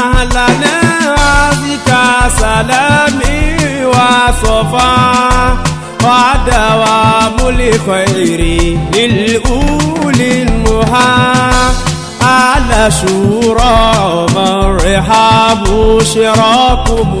أهلا بك سلامي وصفا ودوام الخير للأولي المها على شورى مرحب شراكم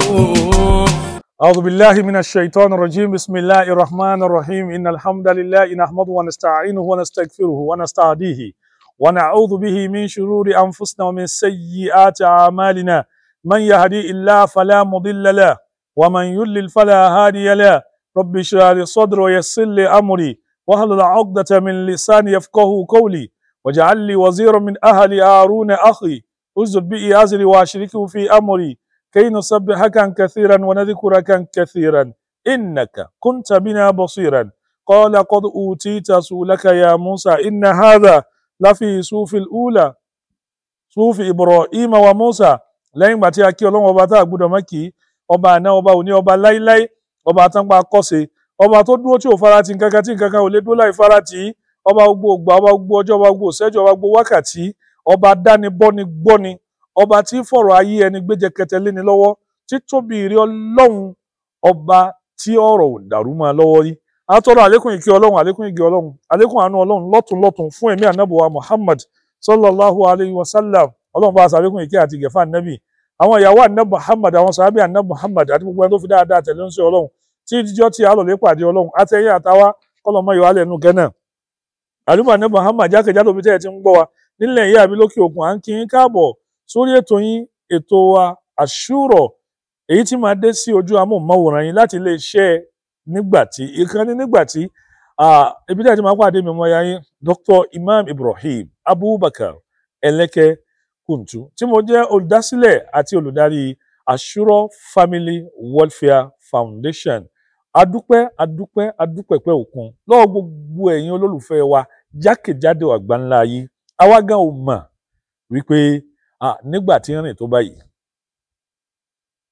أعوذ بالله من الشيطان الرجيم بسم الله الرحمن الرحيم إن الحمد لله نحمده ونستعينه ونستغفره ونستهديه ونعوذ به من شرور أنفسنا ومن سيئات أعمالنا من يهدي الله فلا مضل له ومن يضلل فلا هادي له رب اشرح لي صدري ويسر لي أمري واحلل عقدة من لساني يفقهوا قولي واجعل لي وزيرا من أهل هارون أخي أزد بي أزري وأشركه في أمري كي نسبحك كثيرا ونذكرك كثيرا إنك كنت بنا بصيرا قال قد أوتيت سؤلك يا موسى إن هذا láfi sufi ula sufi ibrahim wa musa lẹ́yìn ìgbà tí a kí ọlọ́run ọba tá a gbúdọ̀ mọ́ kì í ọba àná ọba òní ọba láíláí ọba àtàǹpà kọ́sẹ̀ ọba tó dúró tí ò farati nkankan tí nkankan ò lè dúró láì farati ọba gbogbo ògbà ọba gbogbo ọjọ́ ọba gbogbo ìṣẹ́jú ọba gbogbo wákàtí ọba dánibọ́ni gbọ́ni ọba tí fọ̀rọ̀ ayé ẹni gbéjẹ kẹtẹlé ni lọ́wọ́ títóbi ìrí ọlọ́run ọba tí ọ̀rọ̀ dàrú máa lọ́wọ́ rí àtọ́rọ̀ àlékún ìkí ọlọ́run àlékún ìgì ọlọ́run àlékún àánú ọlọ́run lọ́tún lọ́tún fún ẹ̀mí ànábọ̀wá muhammad sallallahu alayhi wa sallam ọlọ́run bá sàlékún ìkí àti ìgẹ̀fà ànábì àwọn ìyàwó ànábì muhammad àwọn sàábì ànábì muhammad àti gbogbo ẹni tó fi dáadáa tẹ̀lé ń sọ ọlọ́run tí ìdíjọ́ ti àlọ́lé pàdé ọlọ́run àtẹ̀yìn àtàwá kọ́lọ́mọ yọ alẹ́ nu muhammad jákèjádò bí tẹ́ ẹ ti ń gbọ́ wa nílẹ̀ yìí àbí lókè òkun à ń kí yín káàbọ̀ sórí ètò yín ètò wa àṣúrọ̀ nígbà tí ìkànnì nígbà tí ibi tí a ti máa pàdé mi ọmọ ya yín Dr. Imam Ibrahim Abubakar Eleke Kuntu tí mo jẹ́ olùdásílẹ̀ àti olùdarí Ashuro Family Welfare Foundation adúpẹ́ adúpẹ́ adúpẹ́ pẹ́ òkun lọ́wọ́ gbogbo ẹ̀yin olólùfẹ́ wa jákèjádò àgbáńlá yìí àwa gan ò mọ̀ wípé nígbà tí ń rìn tó báyìí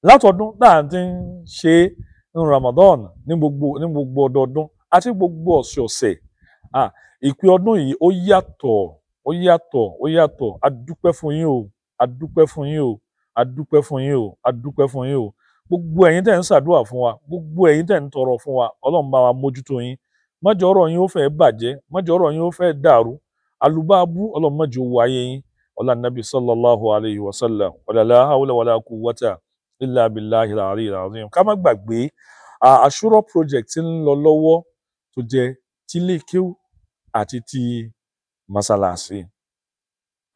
látọdún náà ti ń ṣe é nínú Ramadan ní gbogbo ní gbogbo ọdọọdún àti gbogbo ọsọọsẹ, ọ̀sẹ̀ ìpè ọdún yìí ó yàtọ̀ ó yàtọ̀ ó yàtọ̀ adúpẹ́ fún yín o adúpẹ́ fún yín o adúpẹ́ fún yín o adúpẹ́ fún yín o gbogbo ẹ̀yin tẹ̀ ń ṣàdúrà fún wa gbogbo ẹ̀yin tẹ̀ ń tọrọ fún wa Ọlọ́run bá wa mójútó yín ọ̀rọ̀ yín ó fẹ́ bàjẹ́ ọ̀rọ̀ yín ó fẹ́ dàrú Ọlọ́run illa billahi al-ali al-azim ká má gbàgbé àṣúrọ̀ project ti ń lọ lọ́wọ́ tó jẹ́ tilékiw àti ti mọ́sálásí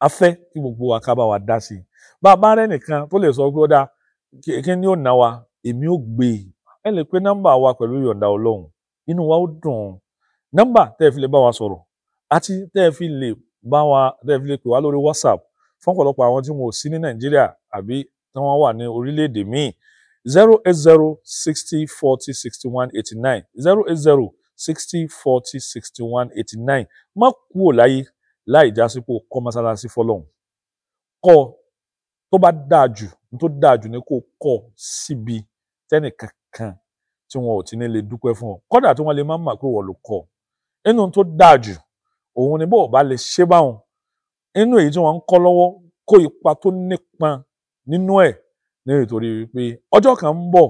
a fẹ́ kí gbogbo wa ká bá wa dá sí i bá a bá rẹ́ nìkan tó lè sọ pé ó dáa kí ni ó ná wa èmi ò gbé e ẹ lè pe nọ́mbà wa pẹ̀lú yọ̀ǹda ọlọ́run inú wa ó dùn ún nọ́mbà tẹ́ ẹ fi lè bá wa sọ̀rọ̀ àti tẹ́ ẹ fi lè bá wa tẹ́ ẹ fi lè pè wá lórí whatsapp fún ọ̀pọ̀lọpọ̀ àwọn tí wọn ò sí ní nàìjíríà àbí tí wọ́n wà ní orílẹ̀-èdè míì zero eight zero sixty forty sixty one eighty nine zero eight zero sixty forty sixty one eighty nine má kúrò láyé láì já sípò kọ́ mọ́sálásí fọlọ́hún kọ́ tó bá dáa jù tó dáa jù ni kó kọ́ síbi tẹ́nì kankan tí wọn ò ti ní lè dúpẹ́ fún ọ kódà tí wọ́n lè má mà pé wọ́n ló kọ́ inú tó dáa jù òun ni bó o bá lè ṣe báwọn inú èyí tí wọ́n ń kọ́ lọ́wọ́ kó ipa tó nípọn nínú ẹ̀ nítorí wípé ọjọ́ kan ń bọ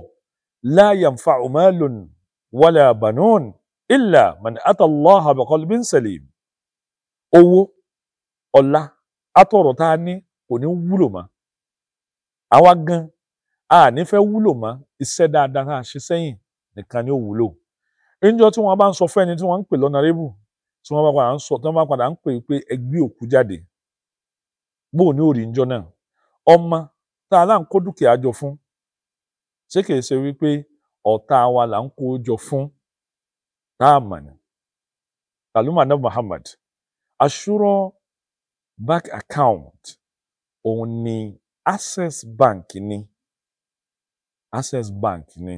la yanfa'u malun wala banun illa man ata Allaha bi qalbin owó ọlá àtọ̀rọ̀ tá a ní kò ní wúlò mọ́ àwa gan a ní fẹ́ wúlò mọ́ dáadáa a ṣe sẹ́yìn nìkan ni ó wúlò tí wọ́n bá ń sọ fẹ́ni tí wọn ń pè lọ́nà rébù tí bá padà pè òkú náà tá a là ń kó dúkìá jọ fún ṣé kìí ṣe wípé ọ̀tá wa là ń kó jọ fún tá a mọ̀ ní. kàlùmọ̀ náà Muhammad àṣùrọ̀ bank account òun ni access bank ni access bank ni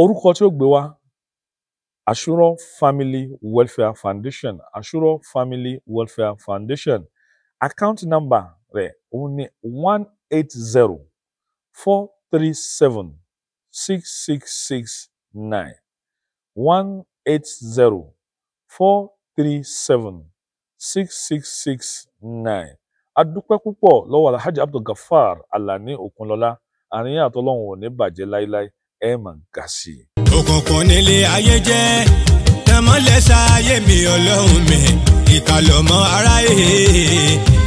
orúkọ tí ó gbé wá Ashura Family Welfare Foundation Ashura Family Welfare Foundation account number rẹ̀ òun ni one eight zero four three seven six six six nine one eight zero four three seven six six six nine adúpẹ́ púpọ̀ lọ́wọ́ alhaji abdulgafar alani okunlọ́lá àríyàn àtọ́lọ́hún ò ní bàjẹ́ láéláé ẹ̀ mà ga sí i. òkùnkùn nílé ayé jẹ́ tẹ̀mọ́lẹ́sà ayé mi ọlọ́run mi ìkà lọ́mọ ará èhè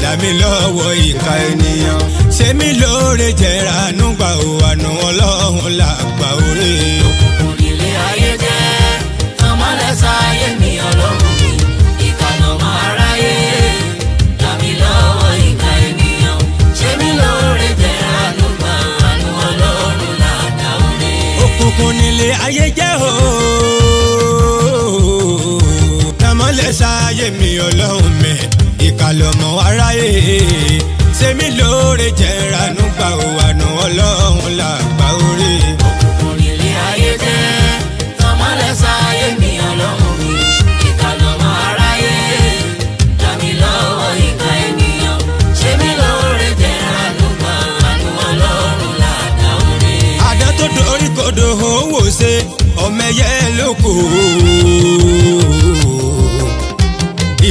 dàmí lọ́wọ́ ìkà ènìyàn ṣé mi lóore jẹ́ra nùgbà òwànú ọlọ́run làgbà òre. láyé mi ọlọ́run mi ìkàlọ́mọ aráyé ṣe mí lóore jẹ́ ranú gbà òwànú ọlọ́run làwọn.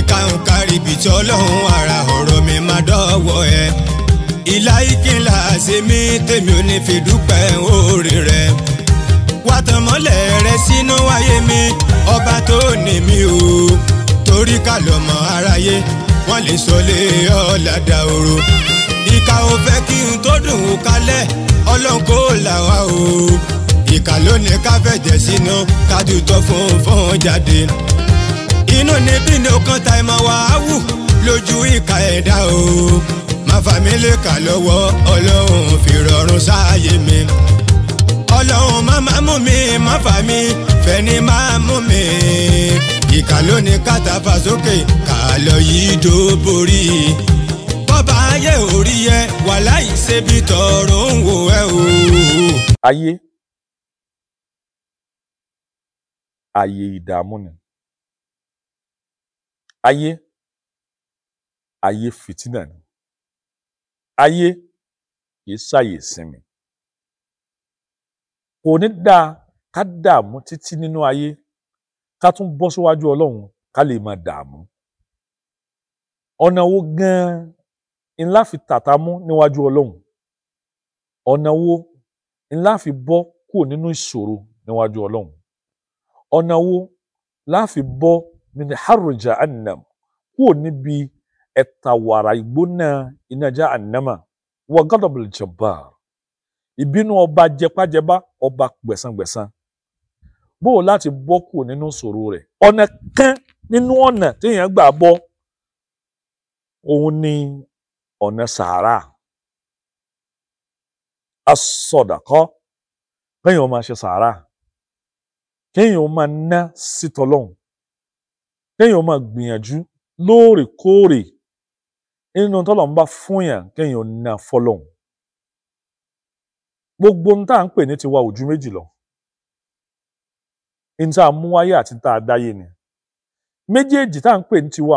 káhùn kárí bìtì ọlọ́run ara ọ̀rọ̀ mi má dọ́wọ́ ẹ. ìlà ìkìlà ṣe mí tèmi ò ní fi dúpẹ́ oore rẹ. wá tàn mọ́lẹ̀ rẹ sínú ayé mi ọba tó ní mi o torí ká lọ́mọ aráyé wọ́n lè sọ lé ọ̀làdà òru. ìkà ò fẹ́ kí n tó dùn ún kalẹ̀ ọlọ́run kò là wá o. ìkà ló ní ká fẹ̀jẹ̀ sínú ká dùn tó fún fún jáde inú níbí ni ọkàn ta ìmọ̀ wá wù lójú ìka ẹ̀dá o má fà kà lọ́wọ́ ọlọ́run fi rọrùn sáàyè mi ọlọ́run má má mú mi má fà fẹ́ni má mú mi ìkà lónìí kàtà fà kà lọ yìí dó borí bọ́ba ayé orí yẹ wà láì ṣebi tọrọ ń wò ẹ́ o. ayé ayé ìdààmú ni ayé ayé fìtínà ni ayé kì í ṣàyè ìsinmi kò ní dáa ká dààmú títí nínú ayé ká tún bọ́ síwájú ọlọ́run ká lè máa dààmú ọ̀nà wo gan-an ńlá fi tàta mú níwájú ọlọ́run ọ̀nà wo ńlá fi bọ́ kúrò nínú ìṣòro níwájú ọlọ́run ọ̀nà wo láfi bọ́ min harri jahannam kúrò níbi ẹ̀ta wàrà ìgbóná iná jahannama wa ghadabil jabbar ìbínú ọba jẹpájẹpá ọba gbẹ̀sangbẹ̀san bó o láti bọ́ kúrò nínú ìṣòro rẹ̀ ọ̀nà kan nínú ọ̀nà téèyàn gbà bọ́ òun ni ọ̀nà sàárà asọ̀dàkọ́ kéèyàn máa ṣe sàárà kéèyàn máa ná sí kéèyàn máa gbìyànjú lóòrèkóòrè nínú tọ́lọ̀ ń bá fún na gbogbo ń tá ń pè ní tiwa ojú méjì lọ ní tá a mú wáyé a dáyé ni méjèèjì tá à ń pè ní tiwa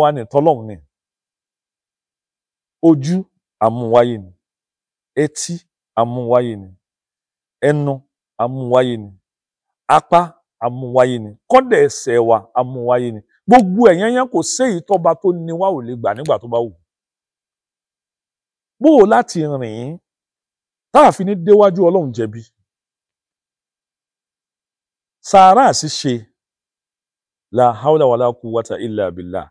wa ní tọ́lọ́hún ni ojú àmúwáyé ni etí àmúwáyé ni ẹnu àmúwáyé ni amúwáyé ni kọ́dẹ̀ ẹsẹ̀ wa amúwáyé ni gbogbo ẹ̀yán yẹn kò séyìí tọ́ba tó ní wa ò lè gbà nígbà tó bá wù. bó o láti rìn ín ní déwájú ọlọ́run jẹ̀bi sàárà ṣíṣe la haúlà wàlá quwwata illa billah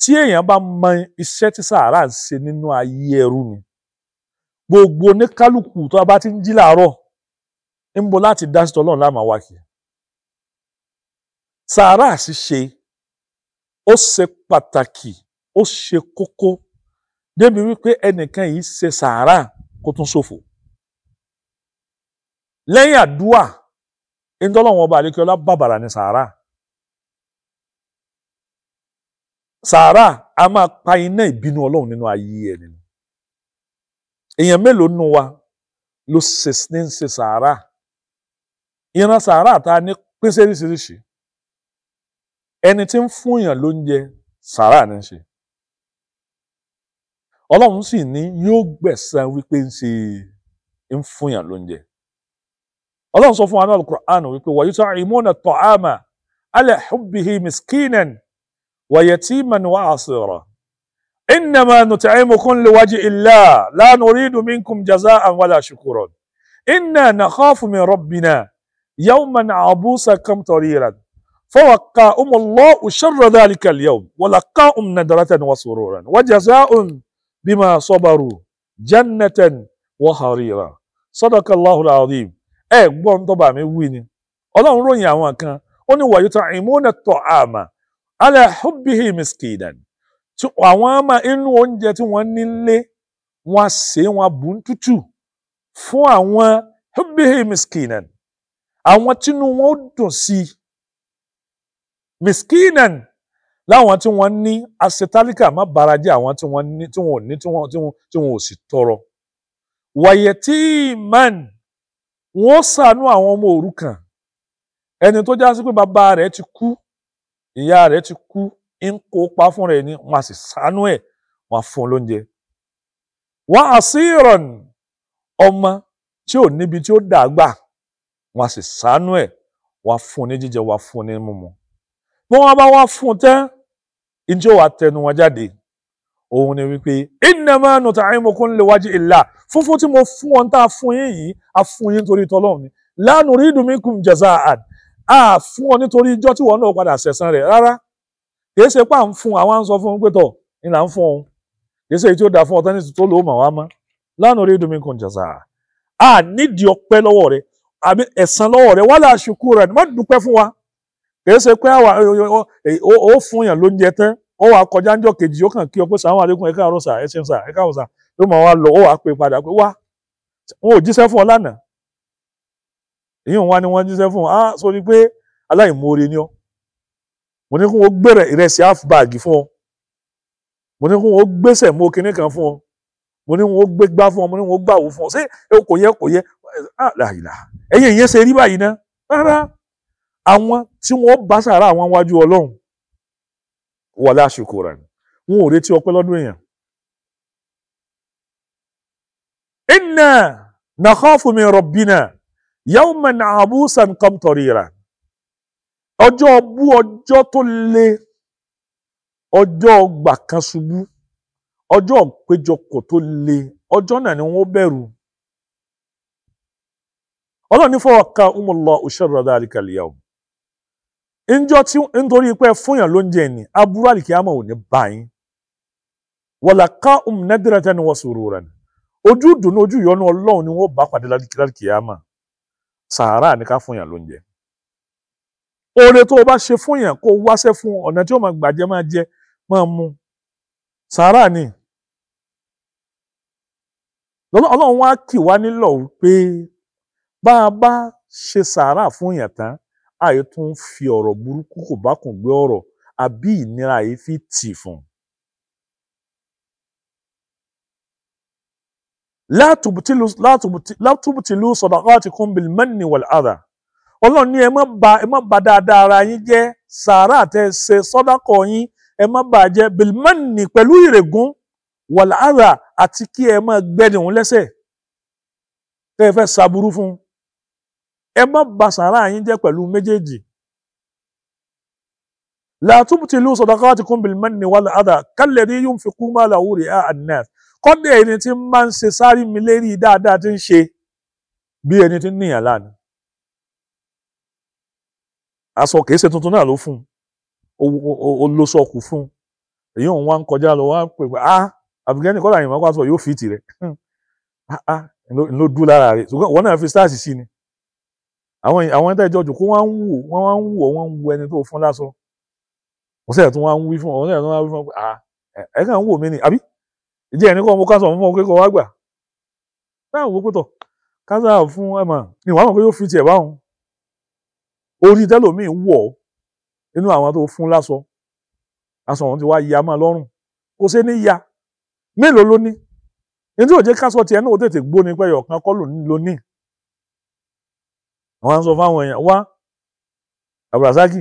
tí èèyàn bá mọ iṣẹ́ tí sàárà ń ṣe nínú ayé ẹrú ni gbogbo oníkálukú tó a bá ti ń jí làárọ̀ ń bọ̀ láti dá sí tọ́lọ́run láàmú àwákìí sàárà ṣíṣe ó ṣe pàtàkì ó ṣe kókó débi wípé ẹnìkan yìí ṣe sàárà kó tún ṣòfò lẹ́yìn àdúà ntọ́lọ́wọ́n ọba àdékọ́lá bàbàrà ní sàárà sàárà a máa pa iná ìbínú ọlọ́run nínú ayé ẹ̀ nínú èèyàn mélòó nù wa ló ṣe ní ṣe sàárà ìran sàárà ta ní pín sí oríṣiríṣi ẹni tí ń fún èèyàn lóúnjẹ sàrà ní ṣe ọlọ́run sì ní yóò gbẹ̀san wípé ń ṣe ń fún èèyàn lóúnjẹ ọlọ́run sọ fún wa ní alukur'an wípé wa yut'imuna at'ama ala hubbihi miskinan wa yatiman wa asira innama nut'imukum liwajhi illah la nuridu minkum jaza'an wala shukuran inna nakhafu min rabbina yawman abusa kamtariran. فوقاهم الله شر ذلك اليوم ولقاهم ندرة وسرورا وجزاء بما صبروا جنة وحريرا صدق الله العظيم ẹ gbọ́n tó bá mi wí ni ọlọ́run ròyìn àwọn kan ó ní wàyí tán ìmúnà tọ́ àmà aláhùbíhì miskidan tí àwọn àmà inú oúnjẹ tí wọ́n nílé wọ́n ṣe wọ́n bù ń tútù fún àwọn hùbíhì miskidan àwọn tínú wọn ó dùn sí i miskinan láwọn tí wọ́n ní asetálíkà má bara jẹ́ àwọn tí wọ́n ní tí wọ́n ò ní tí wọ́n tí wọ́n ò sì tọrọ wàyẹ tí man wọ́n ṣàánú àwọn ọmọ òrukàn ẹni tó já sí pé bàbá rẹ̀ ti kú ìyá rẹ̀ ti kú ń kópa fún rẹ̀ ni wọ́n á sì ṣàánú ẹ̀ wọ́n á fún un lóúnjẹ wọ́n á sí ìrọ̀n ọmọ tí ò níbi tí ó dàgbà wọ́n á sì ṣàánú ẹ̀ wọ́n á fún un ní jíjẹ wọ́n á fún un ní mímu bí wọ́n bá wá fún un tán ìjọ wa tẹnu wọn jáde òun ni wípé ìnàmọ́ nùtà àìmọ̀kún lè ìlà fúnfún tí mo fún wọn tá a fún yín yìí a fún yín nítorí tọ́lọ́run ni lánàá rí ìdùnmí kùn jẹ̀sà àd a fún ọ nítorí ijọ́ tí wọn náà padà sẹ̀sán rẹ̀ rárá kìí ṣe pà ń fún àwọn à ń sọ fún un pé tọ̀ ń là ń fún òun kìí ṣe èyí tí ó dáa fún ọtán nítorí tó lòó mà wá mọ́ lánàá rí ìdùnmí kùn jẹ̀sà àd nídìí ọpẹ́ lọ́wọ́ rẹ àbí ẹ̀san lọ́wọ́ rẹ wálá ṣùkú rẹ má dúpẹ́ fún wa kì í ṣe pé ó fún yàn lóúnjẹ tán ó wàá kọjá níjọ́ kejì ó kàn kí ọ pé sàwọn àlékún ẹ káàárọ̀ sà ẹ ṣeun sà ẹ káàárọ̀ sà ló máa wá lọ ó wàá pè padà pé wá wọn ò jíṣẹ́ fún ọ lánàá ìyóò wá ni wọ́n jíṣẹ́ fún ọ á sọ ni pé aláìmoore ni ọ mo ní kí wọ́n gbèrè ìrẹsì half bag fún ọ mo ní kí wọ́n gbèsè mọ kinní kan fún ọ mo ní wọ́n gbé gbá fún ọ mo ní wọ́n gbàwó fún ọ ṣé kò yẹ kò yẹ ẹ̀yìn ìyẹn ṣe rí báyìí ná rárá àwọn tí wọ́n bá sàrà àwọn wájú ọlọ́run wala shukran wọn ò retí ọpẹ́ lọ́dún èèyàn. inna nakhafu min rabbina yawman abusan qamtarira ọjọ́ bú ọjọ́ tó le ọjọ́ ọgbà kan ṣubú ọjọ́ ìpéjọpọ̀ tó le ọjọ́ náà ni wọ́n bẹ̀rù ọlọ́run ní fọwọ́ kan umullahu sharra dhalika al-yawm njọ́ tí nítorí pé fúnyàn ló ń jẹ ni aburú àlìkíyàmọ̀ ò ní bá yín wàlà ká um nadratan wa sururan ojú dùnú ojú ìyọnu ọlọ́run ni wọ́n bá pàdé lálìkíyàmọ̀ sàárà ni ká fúnyàn ló ń jẹ oore tó o bá ṣe fúnyàn kó o wáṣẹ́ fún ọ̀nà tí o máa gbàjẹ́ máa jẹ máa mu sàárà ni ọlọ́run wá kì wá nílọ̀ pé bá a bá ṣe sàárà fún tán àì tún fi ọ̀rọ̀ burúkú kò bá kùn gbé ọ̀rọ̀ àbí ìnira yìí fi tì fún. látùbùtìlú sadaqatikum bil manni wal adha ọlọ́run ní ẹ má bà ẹ má bà dáadáa ara yín jẹ́ sàárà tẹ́ ṣe sọ́dákọ̀ yín ẹ má bà jẹ́ bil manni pẹ̀lú ìrègùn wal adha àti kí ẹ má gbẹ́dùn lẹ́sẹ̀ tẹ́ ẹ fẹ́ ṣàbùrú fún un ẹ má ba sàárà yín jẹ́ pẹ̀lú méjèèjì làtúbùtì ìlú sadaqatikum bil manni wal adha kalladhi yunfiqu malahu ri'a an-nas kọ́dé ẹni tí máa ń ṣe sáré mi lérí dáadáa tí ń ṣe bí ẹni tí ń níyàn lánàá aṣọ kìí ṣe tuntun náà ló fún un olóṣọkù fún un èyí òun wá ń kọjá lọ wá pè pé ah àbùkẹ́ni kọ́dà yìí máa kó aṣọ yóò fi tì rẹ̀ ah ah ló dú lára rẹ̀ ṣùgbọ́n náà fi stars sí ni àwọn àwọn ẹni tẹ́jọ́ jù kó wọ́n ń wò wọ́n wá ń wò wọ́n ń ẹni tó fún lásọ wọ́n sẹ̀ tún wá wí fún wọn sẹ̀ tún wá wí fún wọn à ẹ kàn ń wò mí ni àbí ìjẹ́ ẹni kọ́ mo kásán fún wọn kékeré wá gbà táwọn òwò pẹ̀tọ̀ kásán fún ẹ mà ni wàá mọ̀ pé yóò fi tiẹ̀ báwọn orí tẹ́lòmíì wọ̀ nínú àwọn tó fún lásọ aṣọ wọn ti wá ya máa lọ́rùn kò sí ní ya mélòó ló ní tí ò àwọn aṣọ fáwọn èèyàn wá abdulrasaki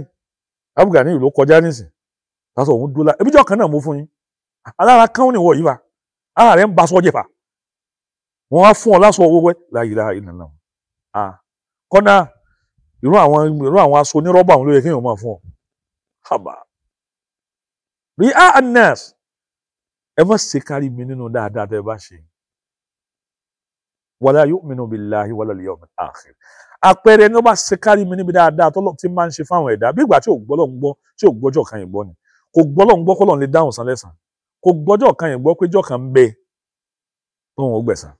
abdulgani ló kọjá nísìn tásọ òun dúró la ebi jọ kan náà mú fún yín alára kánú nìwọ yìí wa ara rẹ ń ba sọjẹ fà wọn á fún ọ lásọ owó wẹ láyé ra ìlànà náà à kọ́nà irú àwọn irú àwọn aṣọ onírọ́bà òun ló yẹ kéèyàn máa fún ọ haba rí a anas ẹ má ṣe kárí mi nínú dáadáa tẹ bá ṣe yìí wala yu'minu billahi wala liyawmil akhir àpẹẹrẹ ní ó bá ṣe kárí mi níbi dáadáa tọ́lọ́ ti máa ń ṣe fáwọn ẹ̀dá bí ìgbà tí ò gbọ́lọ̀ ń gbọ́ tí ò gbọ́jọ́ kan ìgbọ́ ni kò gbọ́lọ̀ ń gbọ́ kọ́lọ̀ lè dáhùn san lẹ́sàn kò gbọ́jọ́ kan ìgbọ́ péjọ́ kan ń bẹ tóun ó gbẹ̀san.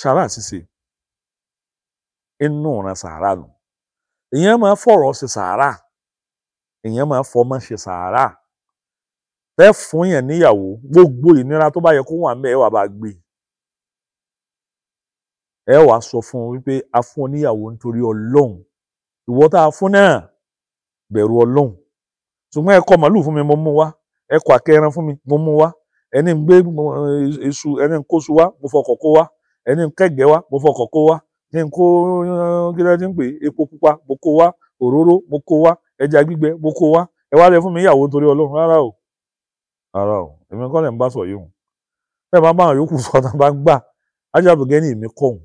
sàrà ṣíṣe inú ran sàrà nù èèyàn máa fọ̀rọ̀ ṣe sàrà èèyàn máa fọmọ ṣe sàrà fẹ́ fún yẹn níyàwó gbogbo ìnira tó bá yẹ kó wà ń bẹ́ẹ̀ wà bá gbé e ẹ sọ fún un wípé a fún ọ níyàwó nítorí ọlọ́run ìwọ tá a fún náà bẹ̀rù ṣùgbọ́n ẹ màálù fún mi mo wá ẹ kọ fún mi mo wá ẹni ń gbé iṣu ẹni wá mo fọkọ̀ wá ẹni ń kẹ́gẹ́ wá mo fọkọ̀ kó wá kó eh, ń pupa mo kó wá òróró mo kó wá ẹja gbígbẹ mo kó wá ẹ wá fún mi ìyàwó nítorí rárá o rárá o èmi kọ́ lẹ̀ ń bá sọ yìí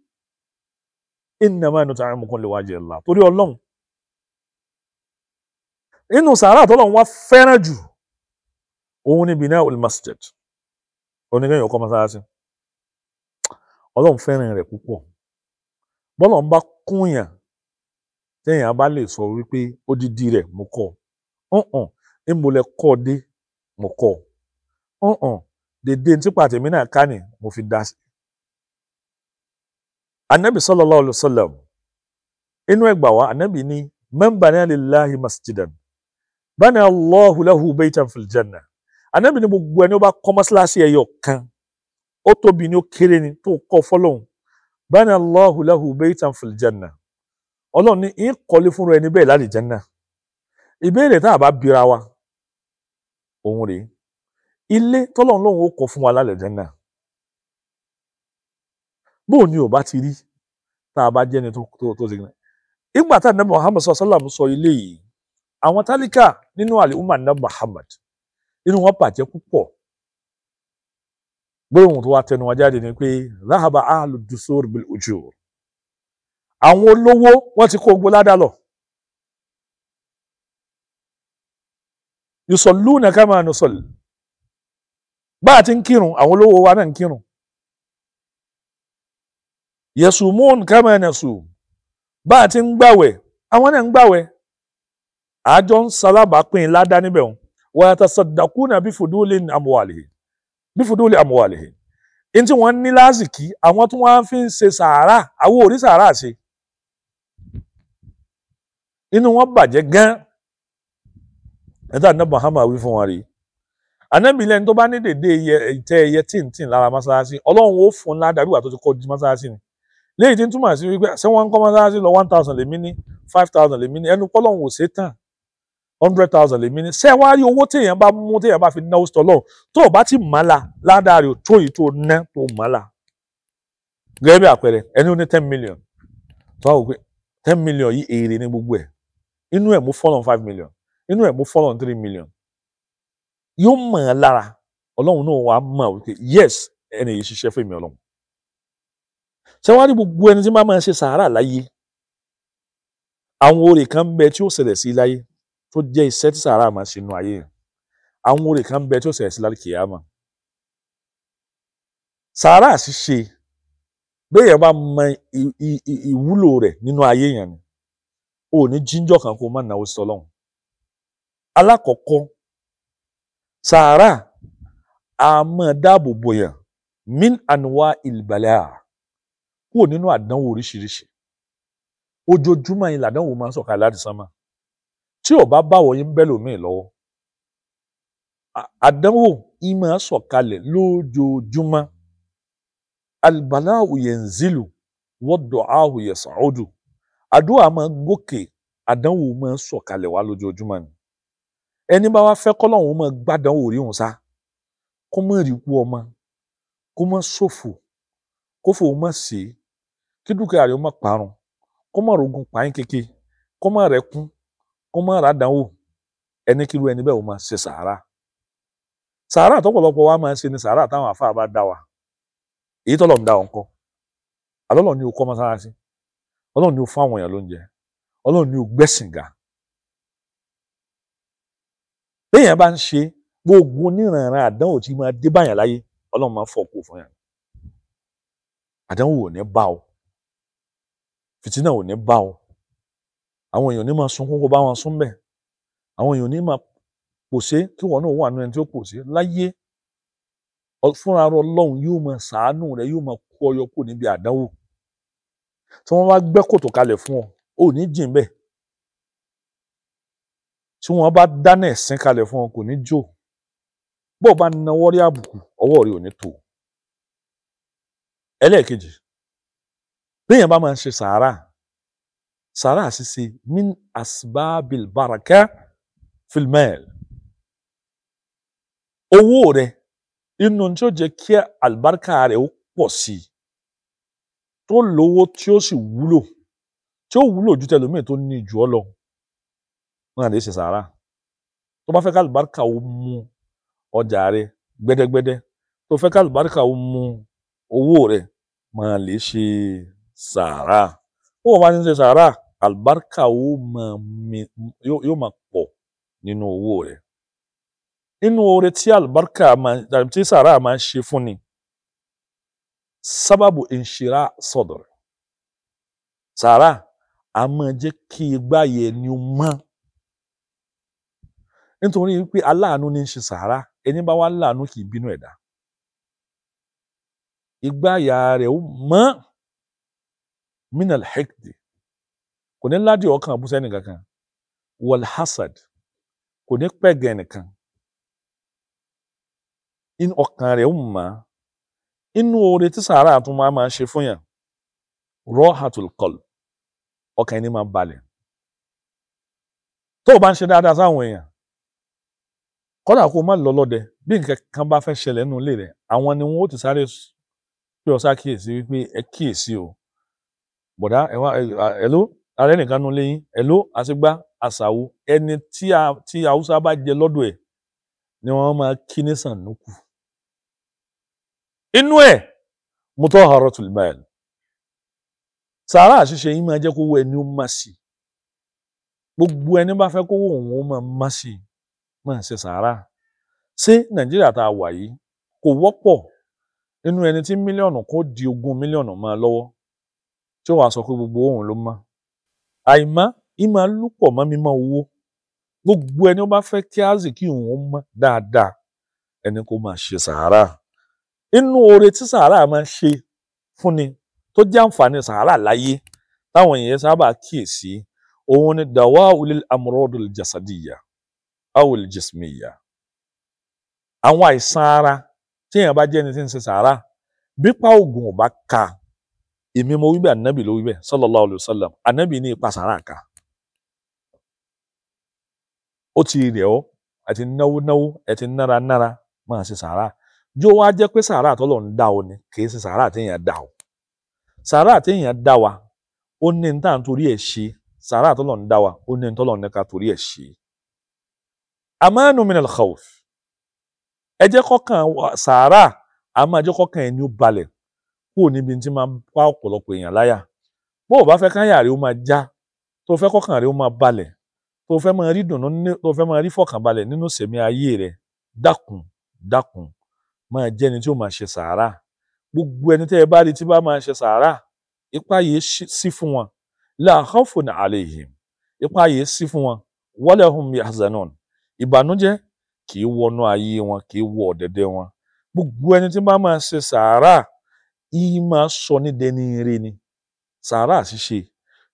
innama nut'imukum liwajhi Allah torí ọlọ́run inú sàárà tọ́lọ́run wá fẹ́ràn jù òun ni bina'ul masjid oníkẹ́yìn ọkọ̀ mọ́sáàsì ọlọ́run fẹ́ràn rẹ̀ púpọ̀ bọ́lọ́run bá kúnyàn tẹ́yìn a bá lè sọ wípé odidi rẹ̀ mo kọ́ ọ̀hún ìmọ̀lẹ̀ kọ́ dé mo kọ́ ọ̀hún dédé tí pàtẹ́mí náà ká ní mo fi dá sí anabi sallallahu alayhi wa sallam inú ẹgbà wa anabi ní man bana lillahi masjidan bana allahu lahu baytan fil janna anabi ní gbogbo ẹni ó bá kọ́ mọ́sálásí ẹyọ kan ó tóbi ni ó kéré ni tó kọ́ fọ́lọ́hun bana allahu lahu baytan fil janna ọlọ́run ní í kọ́lé fúnra ẹni bẹ́ẹ̀ láti janna ìbéèrè tá a bá bira wa òun rèé ilé tọ́lọ́run ó kọ́ fún wa lálẹ́ janna bóun ni ò bá ti rí tá a bá jẹ́ni tó tó ṣe gbìn. ìgbà tá nàbà Muhammad sọ sọlá sọ ilé yìí àwọn tálíkà nínú àlè umar nàbà Muhammad inú wọn bàjẹ́ púpọ̀ gbóhùn tó wá tẹnu wá jáde ni pé rahaba ahlu dusur bil ujur àwọn olówó wọn ti kó gbóládá lọ. yusalluna kama nusalli bá a ti ń kírun àwọn olówó wa náà ń kírun yasumun kama nasum bá a ti ń gbàwẹ̀ àwọn náà ń gbàwẹ̀ àjọ ń salábàápín ládá níbẹ̀ wọn wa yatasaddaquna bí fuduli amwalihi bí fuduli amwalihi n tí wọ́n ní lásìkí àwọn tí wọ́n fi ń ṣe sàárà àwọn orí sàárà ṣe inú wọn bàjẹ́ gan ẹ̀dá ànábì Muhammad wí fún wọn rí ànábì lẹ́ni tó bá ní dèdè ìtẹ́ ẹyẹ tíntìn lára mọ́ṣáláṣí ọlọ́run ó fún un ládàá bí wà tó ti kọ́ di mọ́ṣáláṣí ni léyìí tí ń túmọ̀ sí wípé ṣé wọ́n ń kọ́ lọ one thousand lèmi ní five thousand lèmi ní ẹnu pọ́lọ́hún ò ṣe tán hundred thousand lèmi ní ṣé wàá rí owó téèyàn bá mú téèyàn bá fi náwó sọ lọ́hùn tó o bá ti mọ̀ la ládàá rẹ̀ tó yìí tó ná tó mọ̀ la. gẹ́gẹ́ bí àpẹẹrẹ ẹni ó ní ten million tó a wò pé ten million yìí èrè ní gbogbo ẹ̀ inú ẹ̀ mú fọ́lọ̀n five million inú ẹ̀ mú fọ́lọ̀n three million yóò mọ̀ ẹ́ lára ọlọ́run náà wàá mọ̀ wípé yes ẹni yìí ṣiṣẹ́ fún mi ọlọ́run ṣé wọ́n á rí gbogbo ẹni tí máa máa ṣe sàárà láyé àwọn oore kan bẹ tí ó ṣẹlẹ̀ sí láyé tó jẹ́ iṣẹ́ tí sàárà máa ṣe nu ayé àwọn oore kan bẹ tí ó ṣẹlẹ̀ sí láyé kìyàmà sàárà ṣíṣe béèyàn bá mọ ìwúlò rẹ̀ nínú ayé yẹn ni o ní jíjọ́ kan kó o má náwó sí ọlọ́run alákọ̀ọ́kọ́ sàárà a dáàbò bòyàn min anwa ilbalaa kúrò nínú àdánwò oríṣiríṣi ojoojúmọ́ yìí làdánwò máa ń sọ̀kalẹ̀ láti sánmà tí ò bá báwọ̀ yín bẹ́ẹ̀ lòmíì lọ́wọ́ àdánwò yìí máa ń sọ̀kalẹ̀ lójoojúmọ́ albaláwo yanzilu waddu'ahu yas'udu àdúrà máa ń gòkè àdánwò máa ń sọ̀kalẹ̀ wá lójoojúmọ́ ni ẹni bá wá fẹ́ kọ́lọ́hún máa gbádánwò rí sá kó má rí ọmọ kó má ṣòfò kófò má sí i kí dúkìá rẹ̀ ó má parun kó má rogun pààyàn kéke kó má rẹ̀kún kó má ràdánwò ẹni kíru ẹni bẹ́ẹ̀ ó máa ṣe sàárà sàárà tọ́pọ̀lọpọ̀ wa máa ń ṣe ni sàárà táwọn àfáà bá dá wa èyí tọ́lọ̀ ń dá wọn kọ́ alọ́lọ́ ni o kọ́ mọ́sálásí ọlọ́run ni o fún àwọn èèyàn lóúnjẹ ọlọ́run ni o gbẹ́sìn ga béèyàn bá ń ṣe gbogbo oníranran àdánwò tí máa dé báyàn láyé ọlọ́run máa fọ̀ kó fún yàn àdánwò ò ní bá o fìtínà ò ní bá ọ àwọn èèyàn ní máa sunkún kó bá wọn sún bẹ́ẹ̀ àwọn èèyàn ní máa pòṣé kí wọn náà wà nínú ẹni tí ó pòṣé láyé fúnra rẹ Ọlọ́run yóò máa ṣàánú rẹ yóò máa kó ọyọ kù níbi àdánwò tí wọ́n bá gbẹ́ kòtò kalẹ̀ fún ọ ò ní jìn bẹ́ẹ̀ tí wọ́n bá dáná ẹ̀sìn kalẹ̀ fún ọ kò ní jò bó bá nawọ́ rí àbùkù ọwọ́ rẹ ò ní tò ẹlẹ́ẹ̀kejì béèyàn bá máa ń ṣe sàárà sàárà ṣíṣe min asbabil baraka filmel owó rẹ inú tí ó jẹ kí àlùbáríkà rẹ ó pọ̀ sí i tó lówó tí ó sì wúlò tí ó wúlò ju tẹlómìn tó ní jù ọ lọ wọn àdé ṣe sàárà tó bá fẹ́ ká ó mú ọjà rẹ gbẹdẹgbẹdẹ tó fẹ́ ká ó mú owó rẹ máa lè ṣe sàárà bó o bá ti ń ṣe sàárà àlùbáríkà yóò máa pọ̀ nínú owó rẹ̀ nínú oore tí àlùbáríkà tí sàárà máa ń ṣe fún ni sábàbù ìṣirà sọ̀dọ̀ sàárà a máa jẹ́ kí igbá yẹn ni ó mọ́ nítorí pé aláàánú ní í ṣe sàárà ẹni bá wà láàánú kì í bínú ẹ̀dá igbá àyà rẹ̀ ó mọ́ minal hekdi kò ní ládì ọkàn abúṣẹ nìkankan wal hasad kò ní pẹ̀gẹ́ nìkan ọkàn rẹ̀ ń mọ̀ inú oore tí sàárà tún máa máa ṣe fún yàn rọ́hàtúl kọl ọkàn ẹni máa balẹ̀ tó o bá ń ṣe dáadáa sáwọn èèyàn kọ́dà kó o má lọ lọ́dẹ bí nǹkan kan bá fẹ́ ṣẹlẹ̀ nínú ilé rẹ̀ àwọn ni wọn ó ti sáré pé ọ sá kíyèsí wípé ẹ kíyèsí o bọ̀dá ẹ̀wá ẹ̀ló ara ẹnìkan nu lẹ́yìn ẹ̀ló àṣegbá àṣàwò ẹni tí haúsá bá jẹ lọ́dọ̀ ẹ̀ ni wọ́n máa kí ní sànúkù inú ẹ̀ mutaharatul bal sàárà àṣìṣe yìí máa jẹ́ kó wọ ẹni ó má sí gbogbo ẹni bá fẹ́ kó wọ òun ó máa má sí máa ṣe sàárà ṣé nàìjíríà tá a wà yìí kò wọ́pọ̀ nínú ẹni tí mílíọ̀nù kó di ogún mílíọ̀nù máa lọ́wọ́ tí ó wàá sọ pé gbogbo òun ló mọ àìmọ́ ìmọ̀ lúpọ̀ mọ́ mímọ́ owó gbogbo ẹni ó bá fẹ́ kí azikí òun mọ́ dáadáa ẹni kó máa ṣe sàárà inú oore tí sàárà máa ń ṣe fúnni tó jẹ́ àǹfààní sàárà láyé táwọn èèyàn sábà kíyèsí òun ni dàwa ulil amrodul jasadiya awul jismiya àwọn àìsàn ara tí èèyàn bá jẹ́ ẹni tí ń ṣe sàárà bípa oògùn ò bá ka èmi mo wí bẹ́ẹ̀ ànábì ló wí bẹ́ẹ̀ sallallahu alayhi wa sallam ànábì ní ipa sàrà ká ó ti rẹ̀ ọ́ àti náwó náwó àti nára nára máa ṣe sàrà jó wá jẹ́ pé sàrà àtọ́lọ̀ ń dá o ni kì í ṣe sàrà àtẹ̀yìn dá o sàrà àtẹ̀yìn dá wa ó ní ní tá torí ẹ̀ ṣe sàrà àtọ́lọ̀ ń dá wa ó ní ní tọ́lọ̀ ní ká torí ẹ̀ ṣe. amanu minal khawf ẹ jẹ́ kọ́kàn sàrà àmọ́ kọ́kàn ẹ̀ ní balẹ̀ kúrò níbi tí máa ń pa ọ̀pọ̀lọpọ̀ èèyàn láyà bó o bá fẹ́ káyà rẹ ó máa já tó fẹ́ kọ́kàn rẹ ó máa balẹ̀ tó fẹ́ máa rí dùnnú tó fẹ́ máa rí fọkànbalẹ̀ nínú sẹ̀mí ayé rẹ dákun dákun máa jẹ́ ẹni tí ó máa ṣe sàárà gbogbo ẹni tẹ́ ẹ bá rí tí bá máa ṣe sàárà ipá yìí sí fún wọn la khawfun alayhim ipá yìí sí fún wọn wala hum yahzanun ìbànújẹ́ kì í wọnú ayé wọn kì í wọ ọ̀dẹ̀dẹ̀ wọn gbogbo ẹni tí bá máa ṣe sàárà ìyí máa sọ ní dẹni ire ni sàárà ṣíṣe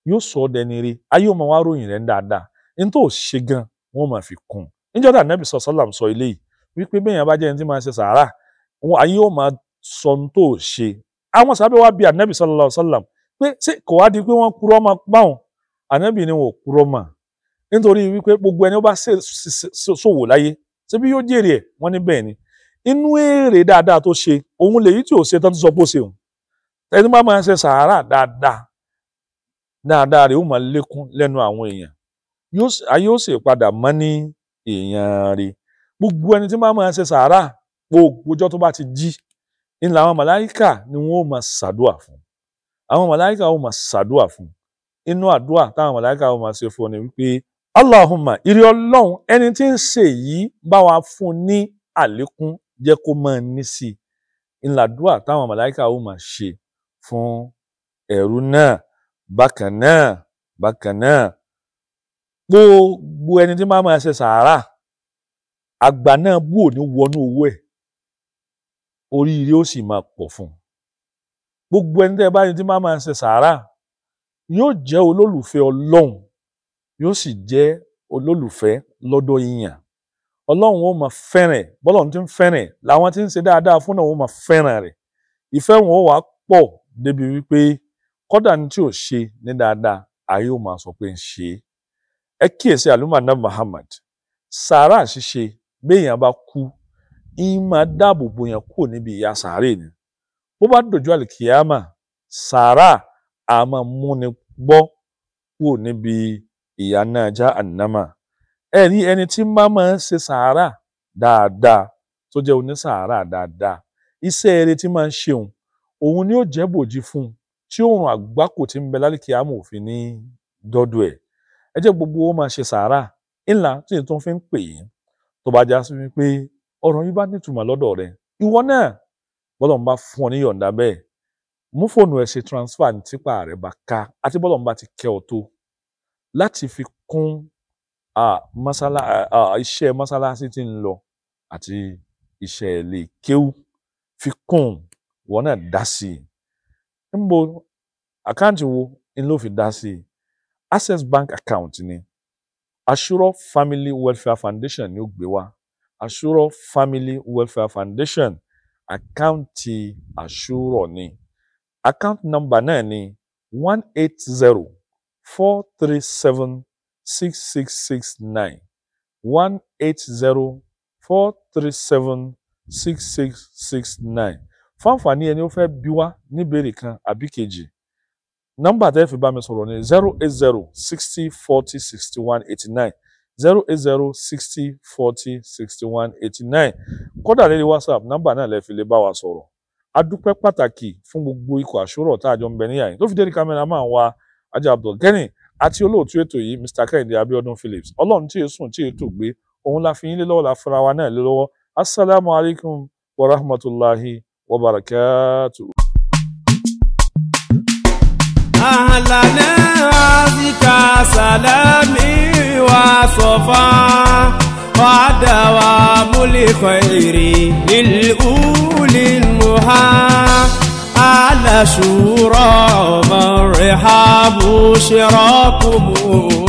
yóò sọ ọ dẹni ire ayé ọmọ wa ròyìn rẹ ń dáadáa ní tó ṣe gan wọn máa fi kún un níjọ́ tà nẹ́bí sọ sọ́làm sọ ilé yìí wípé bẹ́ẹ̀ yẹn bá jẹ́ ẹni tí máa ṣe sàárà ayé ó máa sọ ní tó ṣe àwọn sábẹ́ wa bí anẹ́bí sọ́làm sọ́làm pé ṣé kò wá di pé wọ́n kúrọ́ máa báwọn anẹ́bí ni wọn ò kúrọ́ mà nítorí wípé gbogbo ẹni ó bá ṣòwò láyé ṣé yóò jèrè ẹ̀ wọ́n ní bẹ́ẹ̀ ni inú èrè dáadáa tó ṣe òun lèyí tí ò ṣe tán tó sọ pé ó ṣe òun ẹni bá máa ṣe sàárà dáadáa dáadáa rẹ̀ ó máa lékún lẹ́nu àwọn èèyàn ayé ó sì padà mọ́ ní èèyàn rẹ̀ gbogbo ẹni tí bá máa ṣe sàárà gbogbo ọjọ́ tó bá ti jí ni làwọn màláìkà ni wọ́n ó máa ṣàdúà fún àwọn màláìkà ó máa ṣàdúà fún inú àdúà táwọn màláìkà ó máa ṣe fún ọ ni wípé Allahumma ìrẹ Ọlọ́run ẹni tí ń ṣe yìí bá wa fún ní àlékún jẹ́ kó máa ní sí i ńlàdúà táwọn màláìka ó máa ṣe fún ẹ̀rú náà bákan náà bákan náà gbogbo ẹni tí máa máa ṣe sàárà àgbà náà bú òní wọnú owó ẹ̀ oríire ó sì máa pọ̀ fún un gbogbo ẹni tẹ́ bá ẹni tí máa máa ṣe sàárà yóò jẹ́ olólùfẹ́ ọlọ́run yóò sì jẹ́ olólùfẹ́ lọ́dọ̀ yíyàn ọlọ́run ó máa fẹ́ràn ẹ̀ bọ́lọ́run ti ń fẹ́ràn ẹ̀ làwọn ti ń ṣe dáadáa fún náà ó máa fẹ́ràn rẹ̀ ìfẹ́ wọn ó wà pọ̀ débi wípé kọ́dà ní tí ò ṣe ní dáadáa ayé ó máa sọ pé ń ṣe é ẹ kíyèsí Muhammad sàárà ṣíṣe béèyàn bá kú ń máa dáàbò bo yẹn kúrò ẹ̀rí ẹni tí má máa ń ṣe sàárà dáadáa tó jẹ́ onísàárà dáadáa iṣẹ́ eré tí máa ń ṣeun òun ni ó jẹ́ bòjì fún un tí òun àgbákò tí ń bẹ lálẹ́kì àmọ́ òfin ní dọ́dọ̀ ẹ̀ ẹ jẹ́ gbogbo ó máa ṣe sàárà ńlá tí èyí tó ń fi ń pè yín tó bá já sí mi pé ọ̀rọ̀ yín bá nítumọ̀ lọ́dọ̀ rẹ ìwọ náà bọ́lọ̀ ń bá fún ọ ní bẹ́ẹ̀ mú fóònù ẹ ṣe transfer ní tipa rẹ bá ká àti bọ́lọ̀ ń bá ti kẹ́ ọ tó láti fi kún iṣẹ́ mọ́sálásí tí ń lọ àti iṣẹ́ ilé kéwú fi kún wọn náà dá sí i níbo àkáǹtì wo ń ló fi dá sí access bank account ni asuro family welfare foundation ni ó gbé wá asuro family welfare foundation àkáǹtì asuro ni account number náà ni one eight zero four three seven six six six nine one eight zero four three seven six six six nine fún àǹfààní ẹni ó fẹ́ bí wá níbèrè kan àbí kejì nọ́mbà tẹ́ fi bá mi sọ̀rọ̀ ní zero eight zero sixty forty sixty one eighty nine zero eight zero sixty forty sixty one eighty nine kódà lórí whatsapp nọ́mbà náà lẹ́ fi lè bá wa sọ̀rọ̀ adúpẹ́ pàtàkì fún gbogbo ikọ̀ àṣúrọ̀ tá a jọ ń bẹ níyàá yìí tó fi dé rí kámẹ́rà máa ń wa ajá abdulgani àti olóòtú ètò yìí mr kẹ́hìndé abíọ́dún phillips ọlọ́run tí èsùn tí ètò gbé òun la fi yín lé lọ́wọ́ la fara wa náà lé lọ́wọ́ assalamu alaikum wa rahmatulahi wa barakatu. àlànà àzìkà sàlámì wà sọ̀fà wàdà wà múlẹ̀ kọ́ èrè nílùú lè ha. على شورى من رحاب شراكم